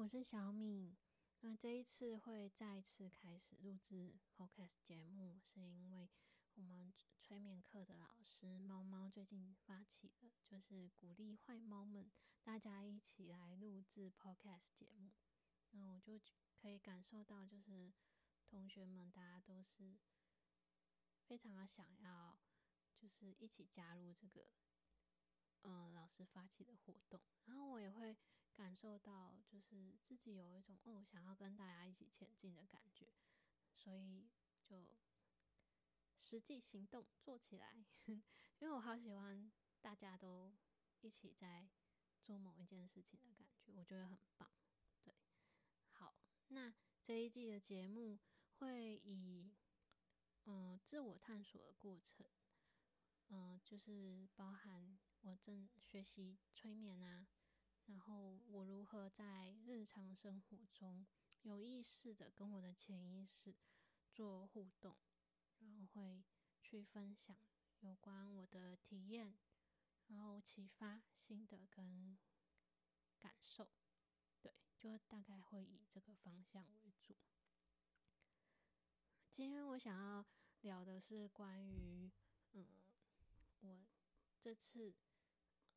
我是小敏，那這一次會再次開始錄製 podcast 節目，是因為我們催眠課的老師貓貓最近發起的，就是鼓勵壞貓們大家一起來錄製 podcast 節目。那我就可以感受到，就是同學們大家都是非常的想要，就是一起加入這個嗯、呃、老師發起的活動。然後我也會。感受到就是自己有一種哦，想要跟大家一起前進的感覺，所以就實際行動做起來。因為我好喜歡大家都一起在做某一件事情的感覺，我覺得很棒。對，好，那這一季的節目會以嗯、呃、自我探索的過程，嗯、呃，就是包含我正學習催眠啊。然後我如何在日常生活中有意識的跟我的潛意識做互動，然後會去分享有關我的體驗，然後啟發心得跟感受，對，就大概會以這個方向為主。今天我想要聊的是關於，嗯，我這次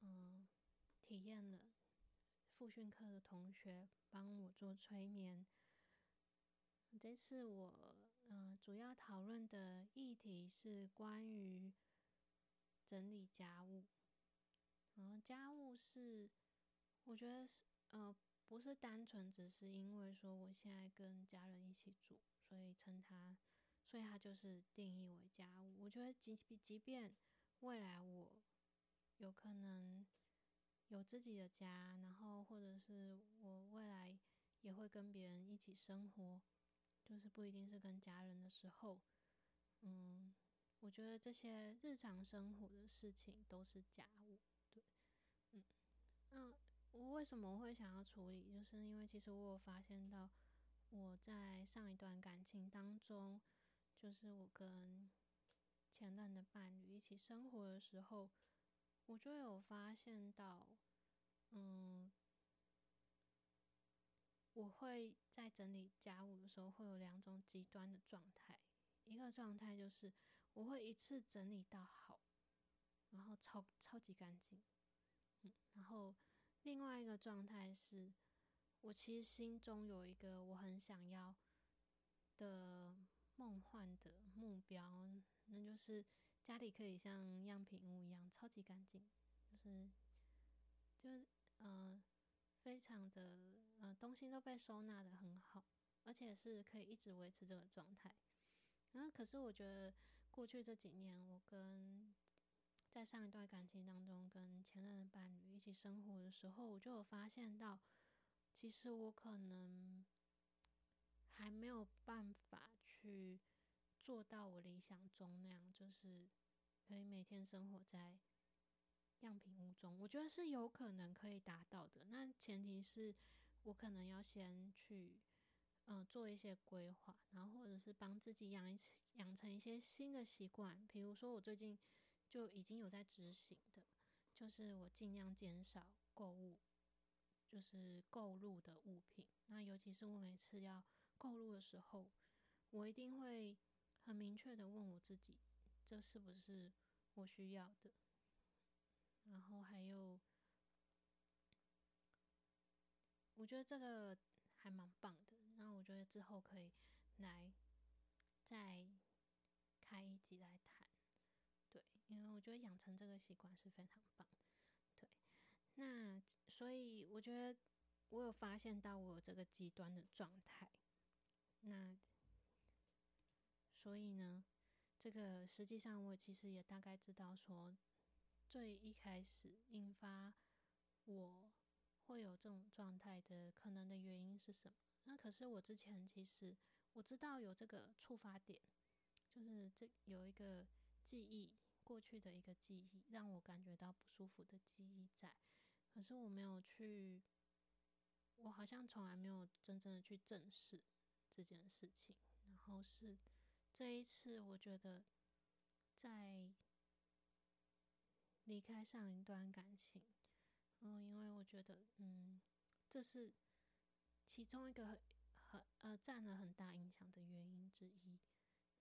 嗯體驗了。複訓課的同學幫我做催眠。這次我嗯、呃、主要討論的議題是關於整理家務，然後家務是我覺得是呃不是單純只是因為說我現在跟家人一起住，所以稱它，所以它就是定義為家務。我覺得即即即便未來我有可能。有自己的家，然後或者是我未來也會跟別人一起生活，就是不一定是跟家人的時候，嗯，我覺得這些日常生活的事情都是家務，對，嗯，那我為什麼會想要處理？就是因為其實我有發現到我在上一段感情當中，就是我跟前段的伴侶一起生活的時候，我就有發現到。嗯，我會在整理家務的時候會有兩種極端的狀態。一個狀態就是我會一次整理到好，然後超超級乾淨。嗯，然後另外一個狀態是，我其實心中有一個我很想要的夢幻的目標，那就是家裡可以像樣品屋一樣超級乾淨，就是就是。嗯、呃，非常的，呃，東西都被收納得很好，而且是可以一直維持這個狀態。然、啊、後，可是我覺得過去這幾年，我跟在上一段感情當中跟前任的伴侶一起生活的時候，我就有發現到，其實我可能還沒有辦法去做到我理想中那樣，就是可以每天生活在。樣品屋中，我覺得是有可能可以達到的。那前提是我可能要先去，嗯、呃，做一些規劃，然後或者是幫自己養一養成一些新的習慣。比如說，我最近就已經有在執行的，就是我盡量減少購物，就是購入的物品。那尤其是我每次要購入的時候，我一定會很明確的問我自己：這是不是我需要的？然後還有，我覺得這個還蠻棒的。那我覺得之後可以來再開一集來談，對，因為我覺得養成這個習慣是非常棒。對，那所以我覺得我有發現到我有這個極端的狀態。那所以呢，這個實際上我其實也大概知道說。最一開始引發我會有這種狀態的可能的原因是什麼？那可是我之前其實我知道有這個觸發點，就是這有一個記憶，過去的一個記憶讓我感覺到不舒服的記憶在，可是我沒有去，我好像從來沒有真正的去正視這件事情。然後是這一次，我覺得在。離開上一段感情，嗯，因為我覺得，嗯，這是其中一個很，很，呃，佔了很大影響的原因之一。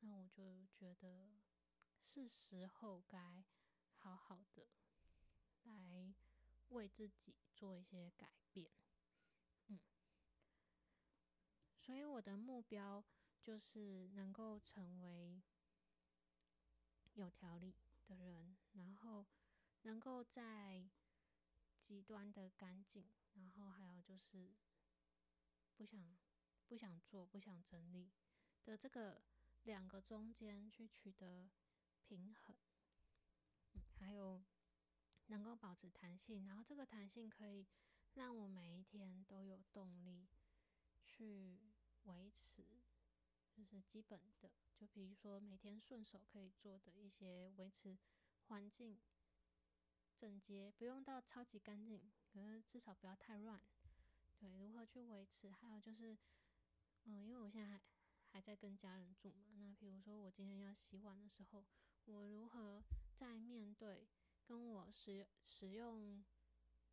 那我就覺得是時候該好好的來為自己做一些改變，嗯。所以我的目標就是能夠成為有條理的人，然後。能夠在極端的乾淨，然後還有就是不想不想做、不想整理的這個兩個中間去取得平衡。嗯，還有能夠保持彈性，然後這個彈性可以讓我每一天都有動力去維持，就是基本的，就比如說每天順手可以做的一些維持環境。整潔不用到超級乾淨，可是至少不要太亂。對，如何去維持？還有就是，嗯、呃，因為我現在還還在跟家人住嘛，那比如說我今天要洗碗的時候，我如何在面對跟我使使用，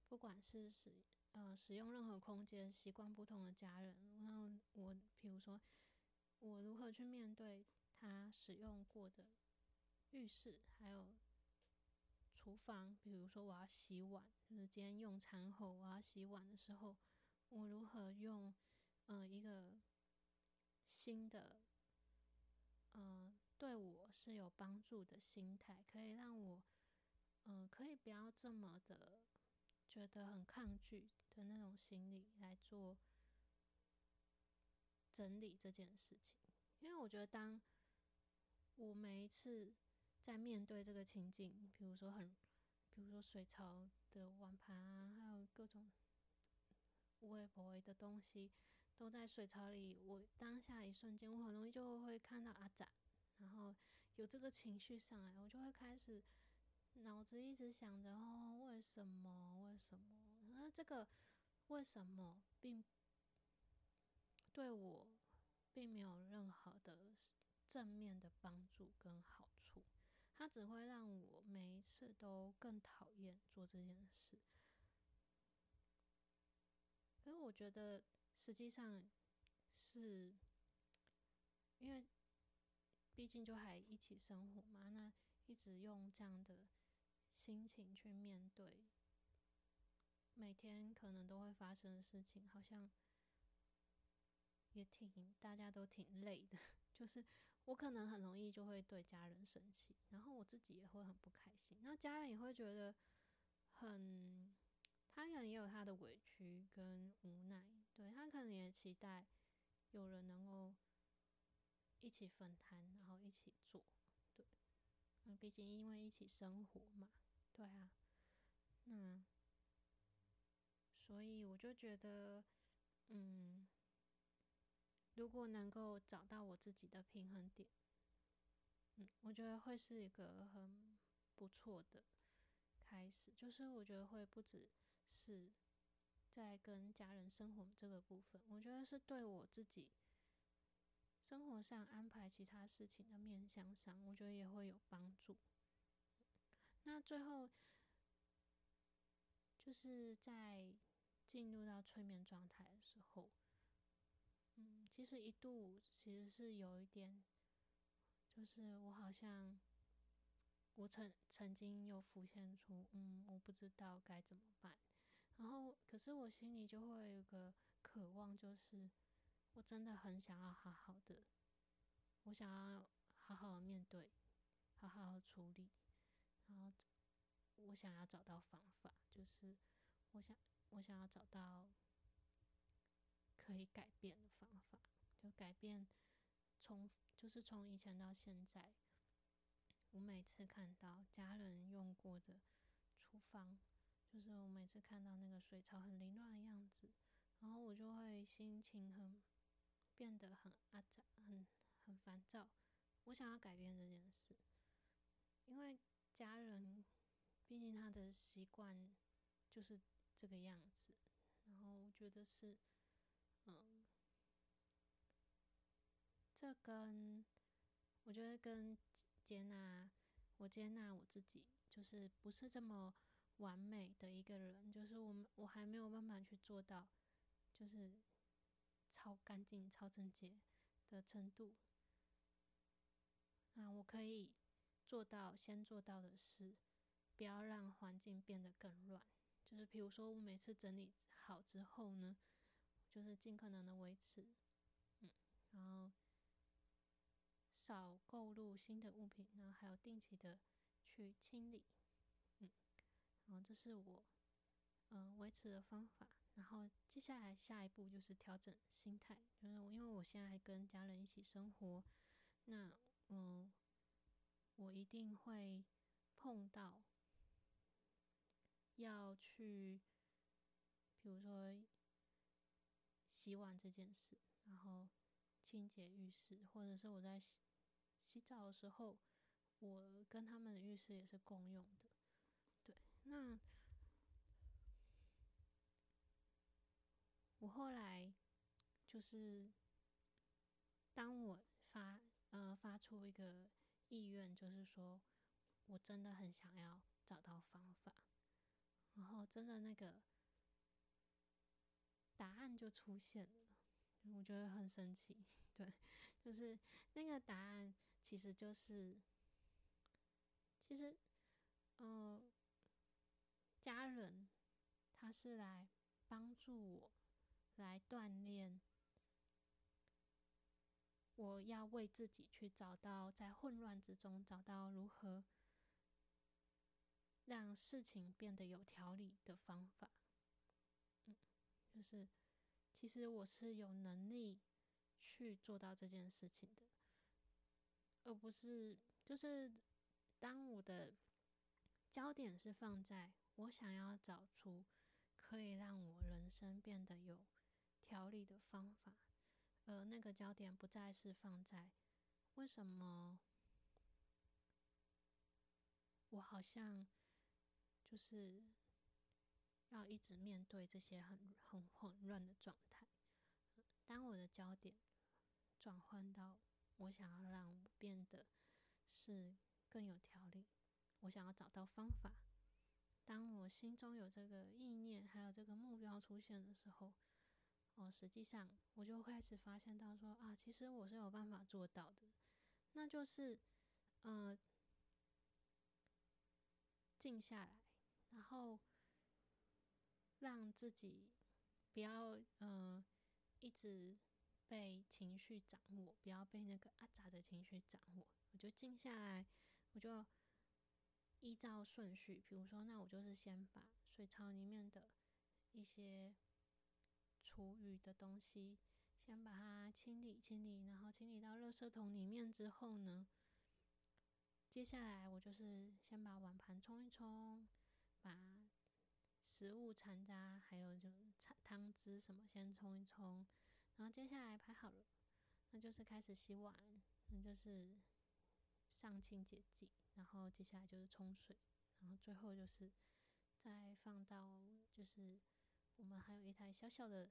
不管是使呃使用任何空間，習慣不同的家人，然後我，比如說我如何去面對他使用過的浴室，還有。廚房，比如說我要洗碗，就是今天用餐後我要洗碗的時候，我如何用嗯、呃、一個新的嗯、呃、對我是有幫助的心態，可以讓我嗯、呃、可以不要這麼的覺得很抗拒的那種心理來做整理這件事情，因為我覺得當我每一次。在面對這個情景，比如說很，比如說水槽的碗盤啊，還有各種無微不為的東西，都在水槽裡。我當下一瞬間，我很容易就會看到阿展，然後有這個情緒上來，我就會開始腦子一直想着哦，為什麼？為什麼？那這個為什麼並，並對我並沒有任何的正面的幫助跟好處。它只會讓我每一次都更討厭做這件事，可是我覺得實際上是，因為畢竟就還一起生活嘛，那一直用這樣的心情去面對每天可能都會發生的事情，好像。也挺，大家都挺累的。就是我可能很容易就會對家人生氣，然後我自己也會很不開心。那家人也會覺得很，他可能也有他的委屈跟無奈，對他可能也期待有人能夠一起分擔，然後一起做。對，嗯，畢竟因為一起生活嘛。對啊，那所以我就覺得，嗯。如果能夠找到我自己的平衡點，嗯，我覺得會是一個很不錯的開始。就是我覺得會不只是在跟家人生活這個部分，我覺得是對我自己生活上安排其他事情的面向上，我覺得也會有幫助。那最後就是在進入到催眠狀態的時候。其實一度其實是有一點，就是我好像，我曾曾經有浮現出，嗯，我不知道該怎麼辦。然後，可是我心裡就會有個渴望，就是我真的很想要好好的，我想要好好的面對，好好的處理，然後我想要找到方法，就是我想我想要找到。可以改變的方法，就改變從就是從以前到現在，我每次看到家人用過的廚房，就是我每次看到那個水槽很凌亂的樣子，然後我就會心情很變得很阿雜，很很煩躁。我想要改變這件事，因為家人畢竟他的習慣就是這個樣子，然後我覺得是。嗯，這跟、個、我覺得跟接納我接納我自己，就是不是這麼完美的一個人，就是我我還沒有辦法去做到，就是超乾淨、超整潔的程度。那，我可以做到，先做到的是不要讓環境變得更亂。就是比如說，我每次整理好之後呢。就是盡可能的維持，嗯，然後少購入新的物品，然後還有定期的去清理，嗯，然後這是我嗯維持的方法。然後接下來下一步就是調整心態，就是因為我現在還跟家人一起生活，那嗯，我一定會碰到要去，比如說。洗碗這件事，然後清潔浴室，或者是我在洗，洗澡的時候，我跟他們的浴室也是共用的。對，那我後來就是當我發呃發出一個意願，就是說我真的很想要找到方法，然後真的那個。答案就出現了，我覺得很神奇。對，就是那個答案，其實就是，其實，嗯、呃，家人他是來幫助我，來鍛鍊，我要為自己去找到在混亂之中找到如何讓事情變得有條理的方法。就是，其實我是有能力去做到這件事情的，而不是。就是當我的焦點是放在我想要找出可以讓我人生變得有條理的方法，而那個焦點不再是放在為什麼我好像就是。要一直面對這些很很混亂的狀態。當我的焦點轉換到我想要讓我變得是更有條理，我想要找到方法。當我心中有這個意念，還有這個目標出現的時候，哦，實際上我就會開始發現到說，啊，其實我是有辦法做到的。那就是，呃，靜下來，然後。讓自己不要嗯、呃、一直被情緒掌握，不要被那個阿雜的情緒掌握。我就靜下來，我就依照順序，比如說，那我就是先把水槽裡面的一些廚餘的東西先把它清理清理，然後清理到垃圾桶裡面之後呢，接下來我就是先把碗盤沖一沖，把。食物殘渣，還有就是湯汁什麼，先沖一沖，然後接下來排好了，那就是開始洗碗，那就是上清潔劑，然後接下來就是沖水，然後最後就是再放到，就是我們還有一台小小的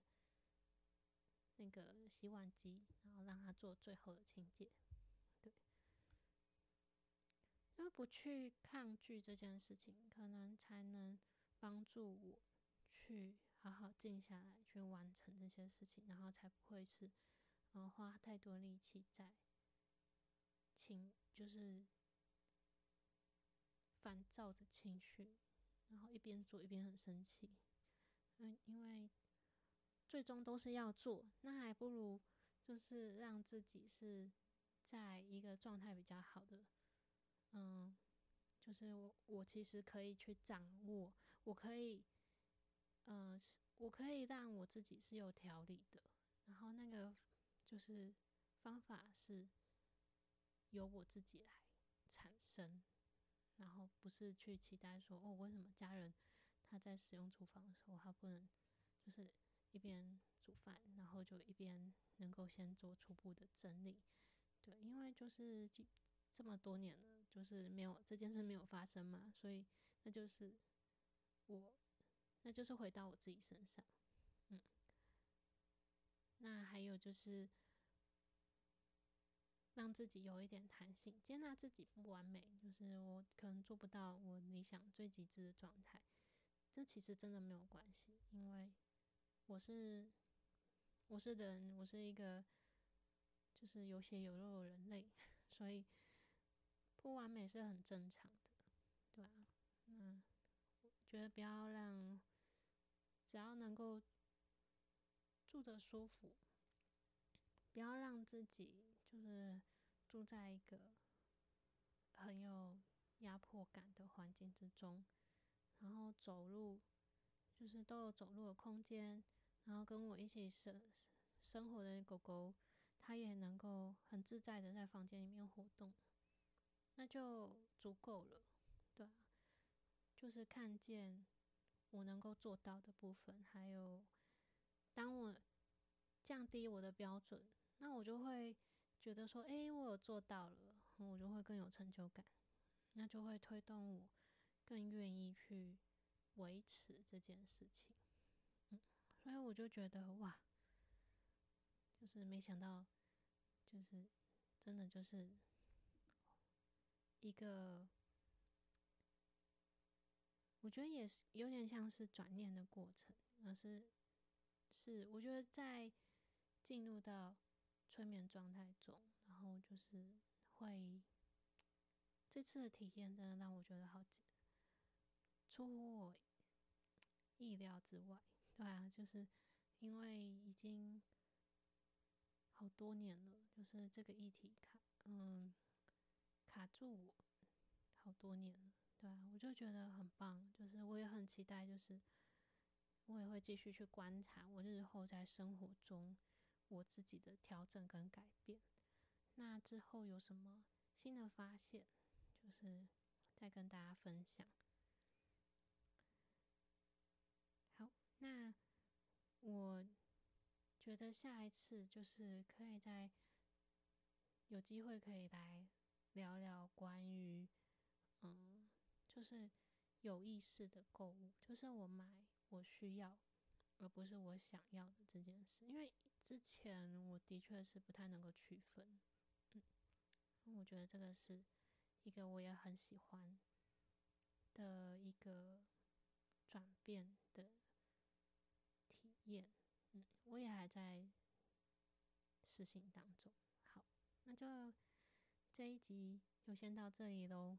那個洗碗機，然後讓它做最後的清潔。對，因為不去抗拒這件事情，可能才能。幫助我去好好靜下來，去完成這些事情，然後才不會是呃花太多力氣在情就是煩躁的情緒，然後一邊做一邊很生氣。嗯，因為最終都是要做，那還不如就是讓自己是在一個狀態比較好的，嗯，就是我我其實可以去掌握。我可以，嗯、呃，我可以讓我自己是有條理的，然後那個就是方法是由我自己來產生，然後不是去期待說哦，為什麼家人他在使用廚房的時候他不能就是一邊煮飯，然後就一邊能夠先做初步的整理，對，因為就是就這麼多年了，就是沒有這件事沒有發生嘛，所以那就是。我，那就是回到我自己身上，嗯，那還有就是讓自己有一點彈性，接納自己不完美，就是我可能做不到我理想最極致的狀態，這其實真的沒有關係，因為我是我是人，我是一個就是有血有肉的人類，所以不完美是很正常。覺得不要讓，只要能夠住得舒服，不要讓自己就是住在一個很有壓迫感的環境之中，然後走路就是都有走路的空間，然後跟我一起生生活的狗狗，它也能夠很自在的在房間裡面活動，那就足夠了。就是看見我能夠做到的部分，還有當我降低我的標準，那我就會覺得說：“誒，我有做到了，我就會更有成就感，那就會推動我更願意去維持這件事情。”嗯，所以我就覺得哇，就是沒想到，就是真的就是一個。我覺得也是有點像是轉念的過程。而是是我覺得在進入到催眠狀態中，然後就是會這次的體驗真的讓我覺得好，出乎我意料之外。對啊，就是因為已經好多年了，就是這個議題卡嗯卡住我好多年了。對啊，我就覺得很棒，就是我也很期待，就是我也會繼續去觀察，我日後在生活中我自己的調整跟改變，那之後有什麼新的發現，就是再跟大家分享。好，那我覺得下一次就是可以再有機會可以來聊聊關於嗯。就是有意識的購物，就是我買我需要，而不是我想要的這件事。因為之前我的確是不太能夠區分，嗯，我覺得這個是一個我也很喜歡的一個轉變的體驗，嗯，我也還在實行當中。好，那就這一集就先到這裡嘍。